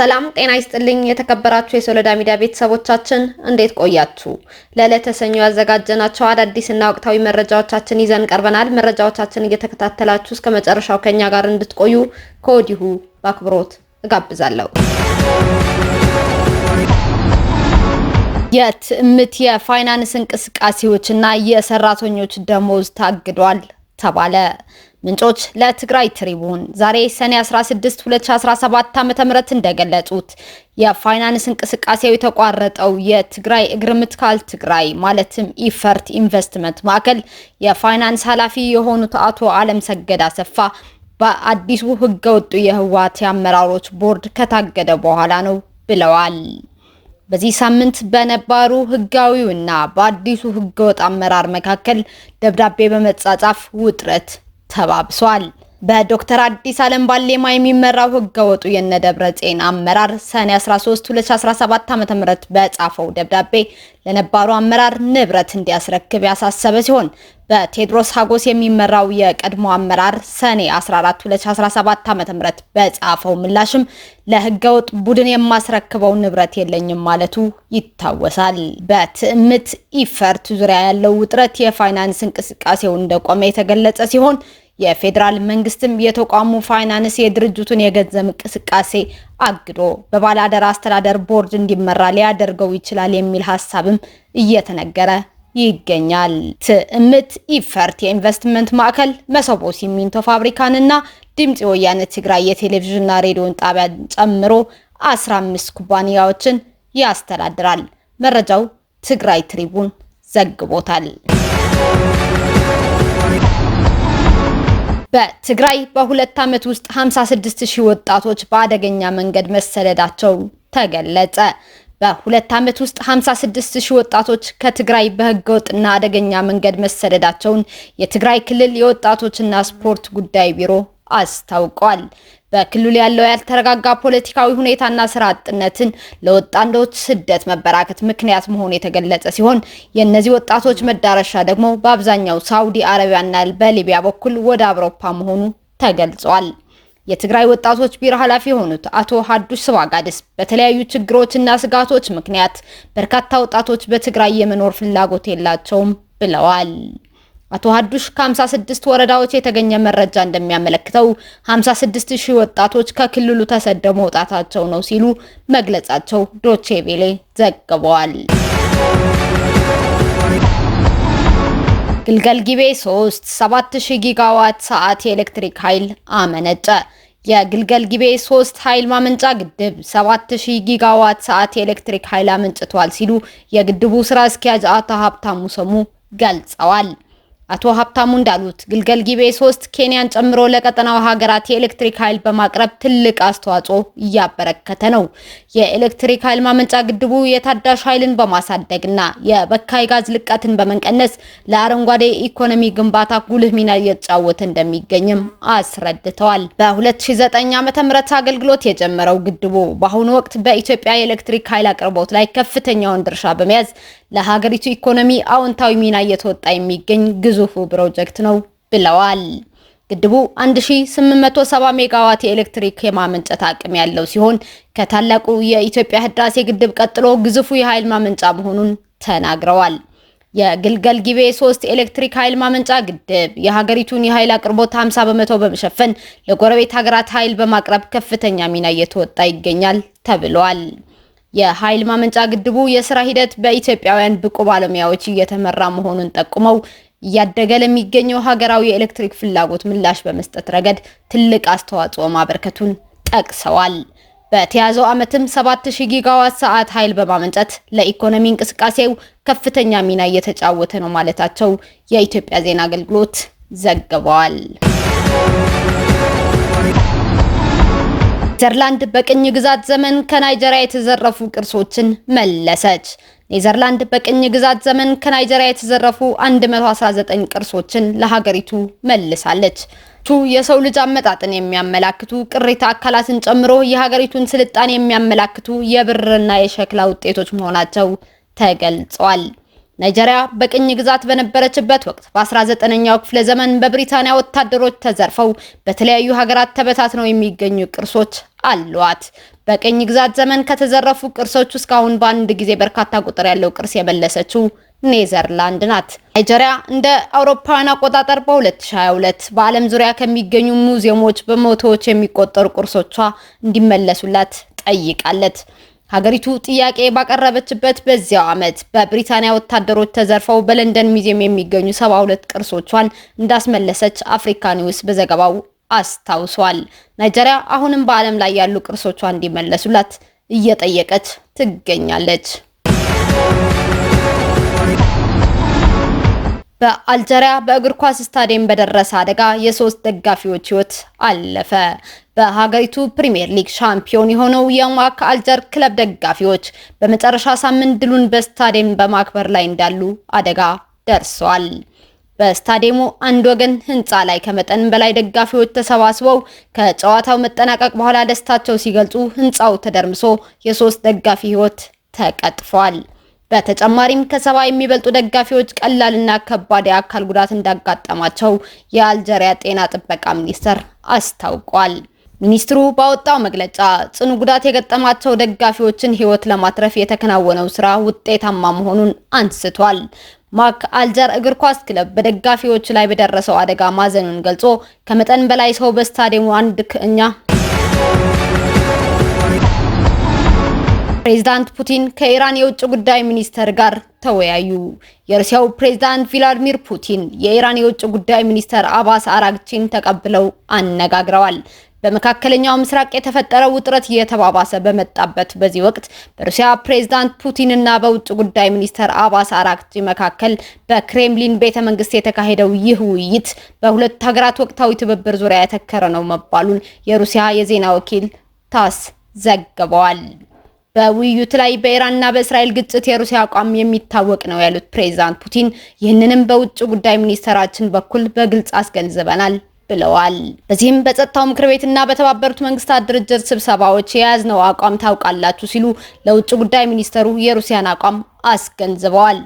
ሰላም ጤና ይስጥልኝ። የተከበራችሁ የሶለዳ ሚዲያ ቤተሰቦቻችን እንዴት ቆያችሁ? ለዕለተ ሰኞ ያዘጋጀናቸው አዳዲስና ወቅታዊ መረጃዎቻችን ይዘን ቀርበናል። መረጃዎቻችን እየተከታተላችሁ እስከ መጨረሻው ከኛ ጋር እንድትቆዩ ከወዲሁ በአክብሮት እጋብዛለሁ። የትዕምት የፋይናንስ እንቅስቃሴዎችና የሰራተኞች ደሞዝ ታግዷል። ተባለ። ምንጮች ለትግራይ ትሪቡን ዛሬ ሰኔ 16 2017 ዓ.ም እንደገለጹት የፋይናንስ እንቅስቃሴው የተቋረጠው የትግራይ እግር ምትካል ትግራይ ማለትም ኢፈርት ኢንቨስትመንት ማዕከል የፋይናንስ ኃላፊ የሆኑት አቶ አለም ሰገድ አሰፋ በአዲሱ ህገወጡ የህወሓት የአመራሮች ቦርድ ከታገደ በኋላ ነው ብለዋል። በዚህ ሳምንት በነባሩ ህጋዊውና በአዲሱ ህገወጥ አመራር መካከል ደብዳቤ በመጻጻፍ ውጥረት ተባብሷል። በዶክተር አዲስ አለም ባሌማ የሚመራው ህገወጡ የነደብረ ጽዮን አመራር ሰኔ 13 2017 ዓ.ም በጻፈው ደብዳቤ ለነባሩ አመራር ንብረት እንዲያስረክብ ያሳሰበ ሲሆን በቴድሮስ ሀጎስ የሚመራው የቀድሞ አመራር ሰኔ 14 2017 ዓ.ም በጻፈው ምላሽም ለህገወጥ ቡድን የማስረክበው ንብረት የለኝም ማለቱ ይታወሳል። በትዕምት ኢፈርት ዙሪያ ያለው ውጥረት የፋይናንስ እንቅስቃሴው እንደቆመ የተገለጸ ሲሆን የፌዴራል መንግስትም የተቋሙ ፋይናንስ የድርጅቱን የገንዘብ እንቅስቃሴ አግዶ በባለአደራ አስተዳደር ቦርድ እንዲመራ ሊያደርገው ይችላል የሚል ሀሳብም እየተነገረ ይገኛል። ትዕምት ኢፈርት የኢንቨስትመንት ማዕከል መሰቦ ሲሚንቶ ፋብሪካንና ድምፂ ወያነ ትግራይ የቴሌቪዥንና ሬዲዮን ጣቢያን ጨምሮ 15 ኩባንያዎችን ያስተዳድራል። መረጃው ትግራይ ትሪቡን ዘግቦታል። በትግራይ በሁለት ዓመት ውስጥ 56 ሺህ ወጣቶች በአደገኛ መንገድ መሰደዳቸው ተገለጸ። በሁለት ዓመት ውስጥ 56 ሺህ ወጣቶች ከትግራይ በህገወጥና አደገኛ መንገድ መሰደዳቸውን የትግራይ ክልል የወጣቶችና ስፖርት ጉዳይ ቢሮ አስታውቋል። በክልሉ ያለው ያልተረጋጋ ፖለቲካዊ ሁኔታና ስራ አጥነትን ለወጣንዶች ስደት መበራከት ምክንያት መሆኑ የተገለጸ ሲሆን የእነዚህ ወጣቶች መዳረሻ ደግሞ በአብዛኛው ሳውዲ አረቢያና በሊቢያ በኩል ወደ አውሮፓ መሆኑ ተገልጿል። የትግራይ ወጣቶች ቢሮ ኃላፊ የሆኑት አቶ ሀዱሽ ስባጋድስ በተለያዩ ችግሮችና ስጋቶች ምክንያት በርካታ ወጣቶች በትግራይ የመኖር ፍላጎት የላቸውም ብለዋል። አቶ ሀዱሽ ከ56 ወረዳዎች የተገኘ መረጃ እንደሚያመለክተው 56 ሺህ ወጣቶች ከክልሉ ተሰደው መውጣታቸው ነው ሲሉ መግለጻቸው ዶቼ ቬሌ ዘግበዋል። ግልገል ጊቤ 3 7000 ጊጋዋት ሰዓት የኤሌክትሪክ ኃይል አመነጨ። የግልገል ጊቤ 3 ኃይል ማመንጫ ግድብ 7000 ጊጋዋት ሰዓት የኤሌክትሪክ ኃይል አመንጭቷል ሲሉ የግድቡ ስራ አስኪያጅ አቶ ሀብታሙ ሰሙ ገልጸዋል። አቶ ሀብታሙ እንዳሉት ግልገል ጊቤ ሶስት ኬንያን ጨምሮ ለቀጠናው ሀገራት የኤሌክትሪክ ኃይል በማቅረብ ትልቅ አስተዋጽኦ እያበረከተ ነው። የኤሌክትሪክ ኃይል ማመንጫ ግድቡ የታዳሽ ኃይልን በማሳደግና የበካይ ጋዝ ልቀትን በመቀነስ ለአረንጓዴ ኢኮኖሚ ግንባታ ጉልህ ሚና እየተጫወተ እንደሚገኝም አስረድተዋል። በ2009 ዓ.ም አገልግሎት የጀመረው ግድቡ በአሁኑ ወቅት በኢትዮጵያ የኤሌክትሪክ ኃይል አቅርቦት ላይ ከፍተኛውን ድርሻ በመያዝ ለሀገሪቱ ኢኮኖሚ አዎንታዊ ሚና እየተወጣ የሚገኝ ግዙፉ ፕሮጀክት ነው ብለዋል። ግድቡ 1870 ሜጋዋት የኤሌክትሪክ የማመንጨት አቅም ያለው ሲሆን ከታላቁ የኢትዮጵያ ህዳሴ ግድብ ቀጥሎ ግዙፉ የኃይል ማመንጫ መሆኑን ተናግረዋል። የግልገል ጊቤ ሶስት ኤሌክትሪክ ኃይል ማመንጫ ግድብ የሀገሪቱን የኃይል አቅርቦት 50 በመቶ በመሸፈን ለጎረቤት ሀገራት ኃይል በማቅረብ ከፍተኛ ሚና እየተወጣ ይገኛል ተብሏል። የኃይል ማመንጫ ግድቡ የስራ ሂደት በኢትዮጵያውያን ብቁ ባለሙያዎች እየተመራ መሆኑን ጠቁመው እያደገ ለሚገኘው ሀገራዊ የኤሌክትሪክ ፍላጎት ምላሽ በመስጠት ረገድ ትልቅ አስተዋጽኦ ማበርከቱን ጠቅሰዋል። በተያዘው ዓመትም 7000 ጊጋዋት ሰዓት ኃይል በማመንጨት ለኢኮኖሚ እንቅስቃሴው ከፍተኛ ሚና እየተጫወተ ነው ማለታቸው የኢትዮጵያ ዜና አገልግሎት ዘግበዋል። ኔዘርላንድ በቅኝ ግዛት ዘመን ከናይጀሪያ የተዘረፉ ቅርሶችን መለሰች። ኔዘርላንድ በቅኝ ግዛት ዘመን ከናይጀሪያ የተዘረፉ 119 ቅርሶችን ለሀገሪቱ መልሳለች። ቱ የሰው ልጅ አመጣጥን የሚያመላክቱ ቅሪታ አካላትን ጨምሮ የሀገሪቱን ስልጣኔ የሚያመላክቱ የብርና የሸክላ ውጤቶች መሆናቸው ተገልጿል። ናይጀሪያ በቅኝ ግዛት በነበረችበት ወቅት በ19ኛው ክፍለ ዘመን በብሪታንያ ወታደሮች ተዘርፈው በተለያዩ ሀገራት ተበታትነው የሚገኙ ቅርሶች አሏት። በቅኝ ግዛት ዘመን ከተዘረፉ ቅርሶች ውስጥ አሁን በአንድ ጊዜ በርካታ ቁጥር ያለው ቅርስ የመለሰችው ኔዘርላንድ ናት። ናይጄሪያ እንደ አውሮፓውያን አቆጣጠር በ2022 በዓለም ዙሪያ ከሚገኙ ሙዚየሞች በመቶዎች የሚቆጠሩ ቅርሶቿ እንዲመለሱላት ጠይቃለት። ሀገሪቱ ጥያቄ ባቀረበችበት በዚያው ዓመት በብሪታንያ ወታደሮች ተዘርፈው በለንደን ሙዚየም የሚገኙ 72 ቅርሶቿን እንዳስመለሰች አፍሪካ ኒውስ በዘገባው አስታውሷል። ናይጄሪያ አሁንም በዓለም ላይ ያሉ ቅርሶቿ እንዲመለሱላት እየጠየቀች ትገኛለች። በአልጀሪያ በእግር ኳስ ስታዲየም በደረሰ አደጋ የሶስት ደጋፊዎች ህይወት አለፈ። በሀገሪቱ ፕሪምየር ሊግ ሻምፒዮን የሆነው የማክ አልጀር ክለብ ደጋፊዎች በመጨረሻ ሳምንት ድሉን በስታዲየም በማክበር ላይ እንዳሉ አደጋ ደርሷል። በስታዲየሙ አንድ ወገን ህንፃ ላይ ከመጠን በላይ ደጋፊዎች ተሰባስበው ከጨዋታው መጠናቀቅ በኋላ ደስታቸው ሲገልጹ ህንፃው ተደርምሶ የሶስት ደጋፊ ህይወት ተቀጥፏል። በተጨማሪም ከሰባ የሚበልጡ ደጋፊዎች ቀላልና ከባድ የአካል ጉዳት እንዳጋጠማቸው የአልጀሪያ ጤና ጥበቃ ሚኒስቴር አስታውቋል። ሚኒስትሩ ባወጣው መግለጫ ጽኑ ጉዳት የገጠማቸው ደጋፊዎችን ህይወት ለማትረፍ የተከናወነው ስራ ውጤታማ መሆኑን አንስቷል። ማክ አልጀር እግር ኳስ ክለብ በደጋፊዎች ላይ በደረሰው አደጋ ማዘኑን ገልጾ ከመጠን በላይ ሰው በስታዲየሙ አንድ ክኛ ፕሬዝዳንት ፑቲን ከኢራን የውጭ ጉዳይ ሚኒስተር ጋር ተወያዩ። የሩሲያው ፕሬዝዳንት ቪላዲሚር ፑቲን የኢራን የውጭ ጉዳይ ሚኒስተር አባስ አራግቺን ተቀብለው አነጋግረዋል። በመካከለኛው ምስራቅ የተፈጠረው ውጥረት እየተባባሰ በመጣበት በዚህ ወቅት በሩሲያ ፕሬዝዳንት ፑቲን እና በውጭ ጉዳይ ሚኒስተር አባስ አራክቺ መካከል በክሬምሊን ቤተ መንግስት የተካሄደው ይህ ውይይት በሁለት ሀገራት ወቅታዊ ትብብር ዙሪያ የተከረ ነው መባሉን የሩሲያ የዜና ወኪል ታስ ዘግበዋል። በውይይቱ ላይ በኢራንና በእስራኤል ግጭት የሩሲያ አቋም የሚታወቅ ነው ያሉት ፕሬዝዳንት ፑቲን ይህንንም በውጭ ጉዳይ ሚኒስተራችን በኩል በግልጽ አስገንዝበናል ብለዋል። በዚህም በጸጥታው ምክር ቤትና በተባበሩት መንግስታት ድርጅት ስብሰባዎች የያዝነው አቋም ታውቃላችሁ ሲሉ ለውጭ ጉዳይ ሚኒስተሩ የሩሲያን አቋም አስገንዝበዋል።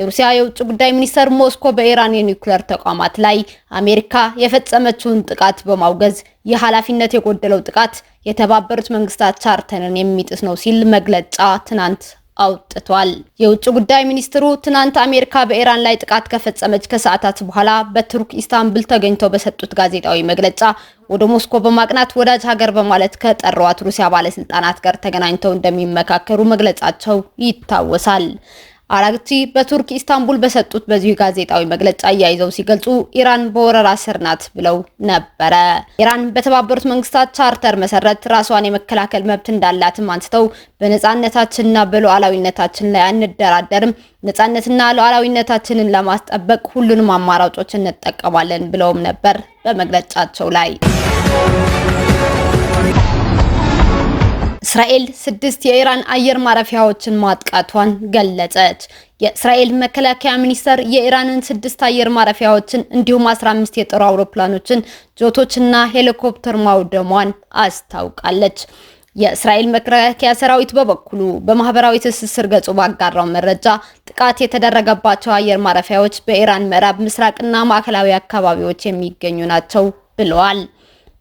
የሩሲያ የውጭ ጉዳይ ሚኒስተር ሞስኮ በኢራን የኒውክሌር ተቋማት ላይ አሜሪካ የፈጸመችውን ጥቃት በማውገዝ የኃላፊነት የጎደለው ጥቃት የተባበሩት መንግስታት ቻርተርን የሚጥስ ነው ሲል መግለጫ ትናንት አውጥቷል። የውጭ ጉዳይ ሚኒስትሩ ትናንት አሜሪካ በኢራን ላይ ጥቃት ከፈጸመች ከሰዓታት በኋላ በቱርክ ኢስታንቡል ተገኝተው በሰጡት ጋዜጣዊ መግለጫ ወደ ሞስኮ በማቅናት ወዳጅ ሀገር በማለት ከጠሯት ሩሲያ ባለስልጣናት ጋር ተገናኝተው እንደሚመካከሩ መግለጻቸው ይታወሳል። አራግቺ በቱርክ ኢስታንቡል በሰጡት በዚሁ ጋዜጣዊ መግለጫ አያይዘው ሲገልጹ ኢራን በወረራ ስር ናት ብለው ነበረ። ኢራን በተባበሩት መንግስታት ቻርተር መሰረት ራሷን የመከላከል መብት እንዳላትም አንስተው በነጻነታችንና በሉዓላዊነታችን ላይ አንደራደርም፣ ነጻነትና ሉዓላዊነታችንን ለማስጠበቅ ሁሉንም አማራጮች እንጠቀማለን ብለውም ነበር በመግለጫቸው ላይ እስራኤል ስድስት የኢራን አየር ማረፊያዎችን ማጥቃቷን ገለጸች። የእስራኤል መከላከያ ሚኒስቴር የኢራንን ስድስት አየር ማረፊያዎችን እንዲሁም 15 የጦር አውሮፕላኖችን፣ ጆቶችና ሄሊኮፕተር ማውደሟን አስታውቃለች። የእስራኤል መከላከያ ሰራዊት በበኩሉ በማህበራዊ ትስስር ገጹ ባጋራው መረጃ ጥቃት የተደረገባቸው አየር ማረፊያዎች በኢራን ምዕራብ ምስራቅና ማዕከላዊ አካባቢዎች የሚገኙ ናቸው ብለዋል።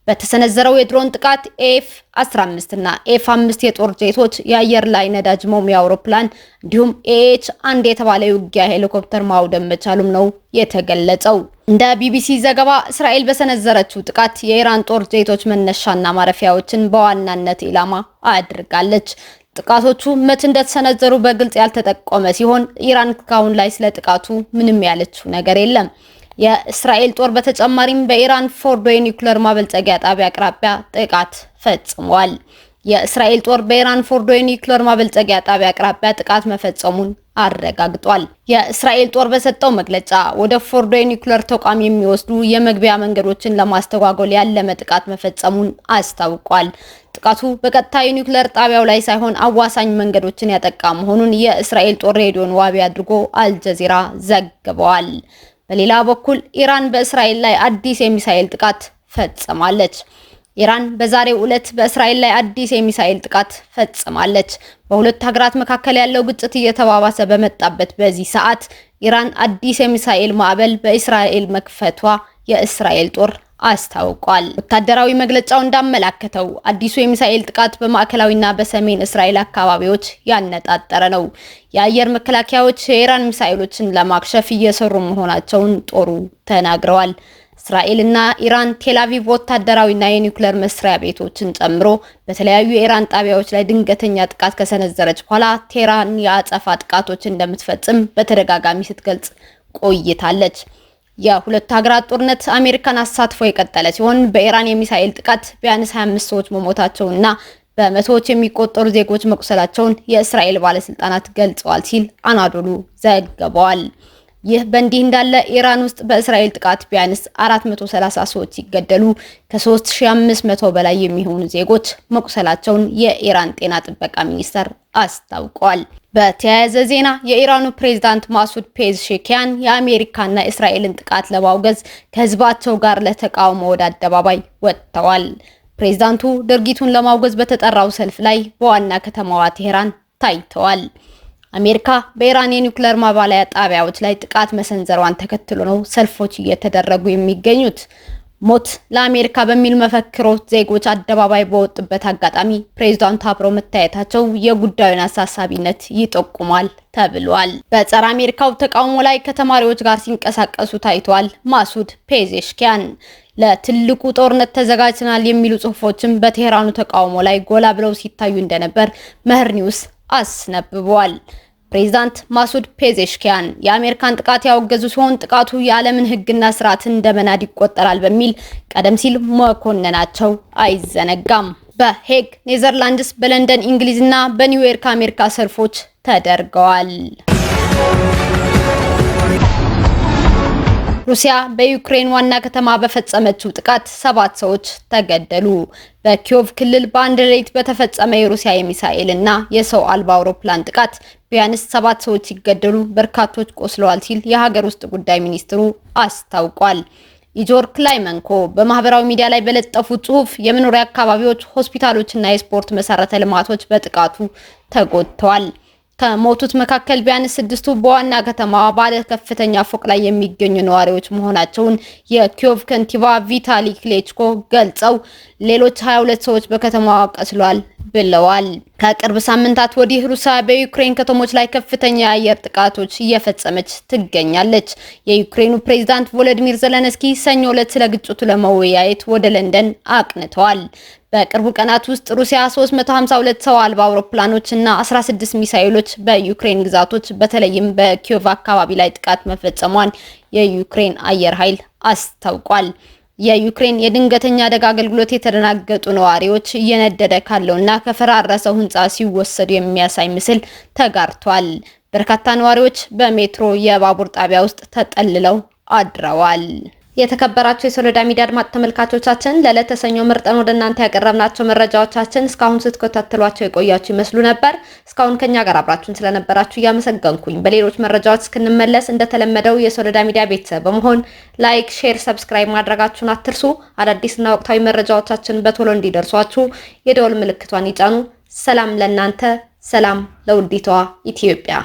በተሰነዘረው የድሮን ጥቃት ኤፍ 15 እና ኤፍ 5 የጦር ጄቶች፣ የአየር ላይ ነዳጅ መሙያ አውሮፕላን እንዲሁም ኤች አንድ የተባለ የውጊያ ሄሊኮፕተር ማውደም መቻሉም ነው የተገለጸው። እንደ ቢቢሲ ዘገባ እስራኤል በሰነዘረችው ጥቃት የኢራን ጦር ጄቶች መነሻና ማረፊያዎችን በዋናነት ኢላማ አድርጋለች። ጥቃቶቹ መቼ እንደተሰነዘሩ በግልጽ ያልተጠቆመ ሲሆን ኢራን እስካሁን ላይ ስለ ጥቃቱ ምንም ያለችው ነገር የለም። የእስራኤል ጦር በተጨማሪም በኢራን ፎርዶ የኒውክሌር ማበልጸጊያ ጣቢያ አቅራቢያ ጥቃት ፈጽሟል። የእስራኤል ጦር በኢራን ፎርዶ የኒውክሌር ማበልጸጊያ ጣቢያ አቅራቢያ ጥቃት መፈጸሙን አረጋግጧል። የእስራኤል ጦር በሰጠው መግለጫ ወደ ፎርዶ የኒውክሌር ተቋም የሚወስዱ የመግቢያ መንገዶችን ለማስተጓጎል ያለመ ጥቃት መፈጸሙን አስታውቋል። ጥቃቱ በቀጥታ የኒውክሌር ጣቢያው ላይ ሳይሆን አዋሳኝ መንገዶችን ያጠቃ መሆኑን የእስራኤል ጦር ሬዲዮን ዋቢ አድርጎ አልጀዚራ ዘግበዋል። በሌላ በኩል ኢራን በእስራኤል ላይ አዲስ የሚሳኤል ጥቃት ፈጽማለች። ኢራን በዛሬው ዕለት በእስራኤል ላይ አዲስ የሚሳኤል ጥቃት ፈጽማለች። በሁለት ሀገራት መካከል ያለው ግጭት እየተባባሰ በመጣበት በዚህ ሰዓት ኢራን አዲስ የሚሳኤል ማዕበል በእስራኤል መክፈቷ የእስራኤል ጦር አስታውቋል። ወታደራዊ መግለጫው እንዳመላከተው አዲሱ የሚሳኤል ጥቃት በማዕከላዊና በሰሜን እስራኤል አካባቢዎች ያነጣጠረ ነው። የአየር መከላከያዎች የኢራን ሚሳኤሎችን ለማክሸፍ እየሰሩ መሆናቸውን ጦሩ ተናግረዋል። እስራኤልና ኢራን ቴላቪቭ ወታደራዊና የኒውክሌር መስሪያ ቤቶችን ጨምሮ በተለያዩ የኢራን ጣቢያዎች ላይ ድንገተኛ ጥቃት ከሰነዘረች በኋላ ቴህራን የአጸፋ ጥቃቶች እንደምትፈጽም በተደጋጋሚ ስትገልጽ ቆይታለች። የሁለቱ ሀገራት ጦርነት አሜሪካን አሳትፎ የቀጠለ ሲሆን በኢራን የሚሳኤል ጥቃት ቢያንስ 25 ሰዎች መሞታቸውንና በመቶዎች የሚቆጠሩ ዜጎች መቁሰላቸውን የእስራኤል ባለስልጣናት ገልጸዋል ሲል አናዶሉ ዘግበዋል ይህ በእንዲህ እንዳለ ኢራን ውስጥ በእስራኤል ጥቃት ቢያንስ 430 ሰዎች ሲገደሉ ከ3500 በላይ የሚሆኑ ዜጎች መቁሰላቸውን የኢራን ጤና ጥበቃ ሚኒስቴር አስታውቋል። በተያያዘ ዜና የኢራኑ ፕሬዝዳንት ማሱድ ፔዝ ሼኪያን የአሜሪካና እስራኤልን ጥቃት ለማውገዝ ከህዝባቸው ጋር ለተቃውሞ ወደ አደባባይ ወጥተዋል። ፕሬዝዳንቱ ድርጊቱን ለማውገዝ በተጠራው ሰልፍ ላይ በዋና ከተማዋ ቴሄራን ታይተዋል። አሜሪካ በኢራን የኒውክሌር ማባለያ ጣቢያዎች ላይ ጥቃት መሰንዘሯን ተከትሎ ነው ሰልፎች እየተደረጉ የሚገኙት። ሞት ለአሜሪካ በሚል መፈክሮ ዜጎች አደባባይ በወጡበት አጋጣሚ ፕሬዚዳንቱ አብረው መታየታቸው የጉዳዩን አሳሳቢነት ይጠቁማል ተብሏል። በጸረ አሜሪካው ተቃውሞ ላይ ከተማሪዎች ጋር ሲንቀሳቀሱ ታይቷል። ማሱድ ፔዜሽኪያን ለትልቁ ጦርነት ተዘጋጅተናል የሚሉ ጽሁፎችም በቴህራኑ ተቃውሞ ላይ ጎላ ብለው ሲታዩ እንደነበር መህር ኒውስ አስነብቧል። ፕሬዚዳንት ማሱድ ፔዜሽኪያን የአሜሪካን ጥቃት ያወገዙ ሲሆን ጥቃቱ የዓለምን ሕግና ስርዓትን እንደመናድ ይቆጠራል በሚል ቀደም ሲል መኮንናቸው አይዘነጋም። በሄግ ኔዘርላንድስ፣ በለንደን እንግሊዝ እና በኒውዮርክ አሜሪካ ሰልፎች ተደርገዋል። ሩሲያ በዩክሬን ዋና ከተማ በፈጸመችው ጥቃት ሰባት ሰዎች ተገደሉ። በኪዮቭ ክልል በአንድ ሌሊት በተፈጸመ የሩሲያ የሚሳኤል እና የሰው አልባ አውሮፕላን ጥቃት ቢያንስ ሰባት ሰዎች ሲገደሉ በርካቶች ቆስለዋል ሲል የሀገር ውስጥ ጉዳይ ሚኒስትሩ አስታውቋል። ኢጆር ክላይመንኮ በማህበራዊ ሚዲያ ላይ በለጠፉ ጽሁፍ የመኖሪያ አካባቢዎች፣ ሆስፒታሎችና የስፖርት መሰረተ ልማቶች በጥቃቱ ተጎድተዋል። ከሞቱት መካከል ቢያንስ ስድስቱ በዋና ከተማዋ ባለ ከፍተኛ ፎቅ ላይ የሚገኙ ነዋሪዎች መሆናቸውን የኪዮቭ ከንቲባ ቪታሊ ክሌችኮ ገልጸው ሌሎች 22 ሰዎች በከተማዋ ቀስሏል ብለዋል። ከቅርብ ሳምንታት ወዲህ ሩሲያ በዩክሬን ከተሞች ላይ ከፍተኛ የአየር ጥቃቶች እየፈጸመች ትገኛለች። የዩክሬኑ ፕሬዝዳንት ቮሎዲሚር ዘለንስኪ ሰኞ ዕለት ስለ ግጭቱ ለመወያየት ወደ ለንደን አቅንተዋል። በቅርቡ ቀናት ውስጥ ሩሲያ 352 ሰው አልባ አውሮፕላኖች እና 16 ሚሳኤሎች በዩክሬን ግዛቶች በተለይም በኪዮቭ አካባቢ ላይ ጥቃት መፈጸሟን የዩክሬን አየር ኃይል አስታውቋል። የዩክሬን የድንገተኛ አደጋ አገልግሎት የተደናገጡ ነዋሪዎች እየነደደ ካለውና ከፈራረሰው ህንፃ ሲወሰዱ የሚያሳይ ምስል ተጋርቷል። በርካታ ነዋሪዎች በሜትሮ የባቡር ጣቢያ ውስጥ ተጠልለው አድረዋል። የተከበራቸው የሶሎዳ ሚዲያ አድማጭ ተመልካቾቻችን ለዕለተ ሰኞ መርጠን ወደ እናንተ ያቀረብናቸው መረጃዎቻችን እስካሁን ስትከታተሏቸው የቆያችሁ ይመስሉ ነበር። እስካሁን ከኛ ጋር አብራችሁን ስለነበራችሁ እያመሰገንኩኝ በሌሎች መረጃዎች እስክንመለስ እንደተለመደው የሶሎዳ ሚዲያ ቤተሰብ በመሆን ላይክ፣ ሼር፣ ሰብስክራይብ ማድረጋችሁን አትርሱ። አዳዲስና ወቅታዊ መረጃዎቻችን በቶሎ እንዲደርሷችሁ የደወል ምልክቷን ይጫኑ። ሰላም ለእናንተ፣ ሰላም ለውዲቷ ኢትዮጵያ።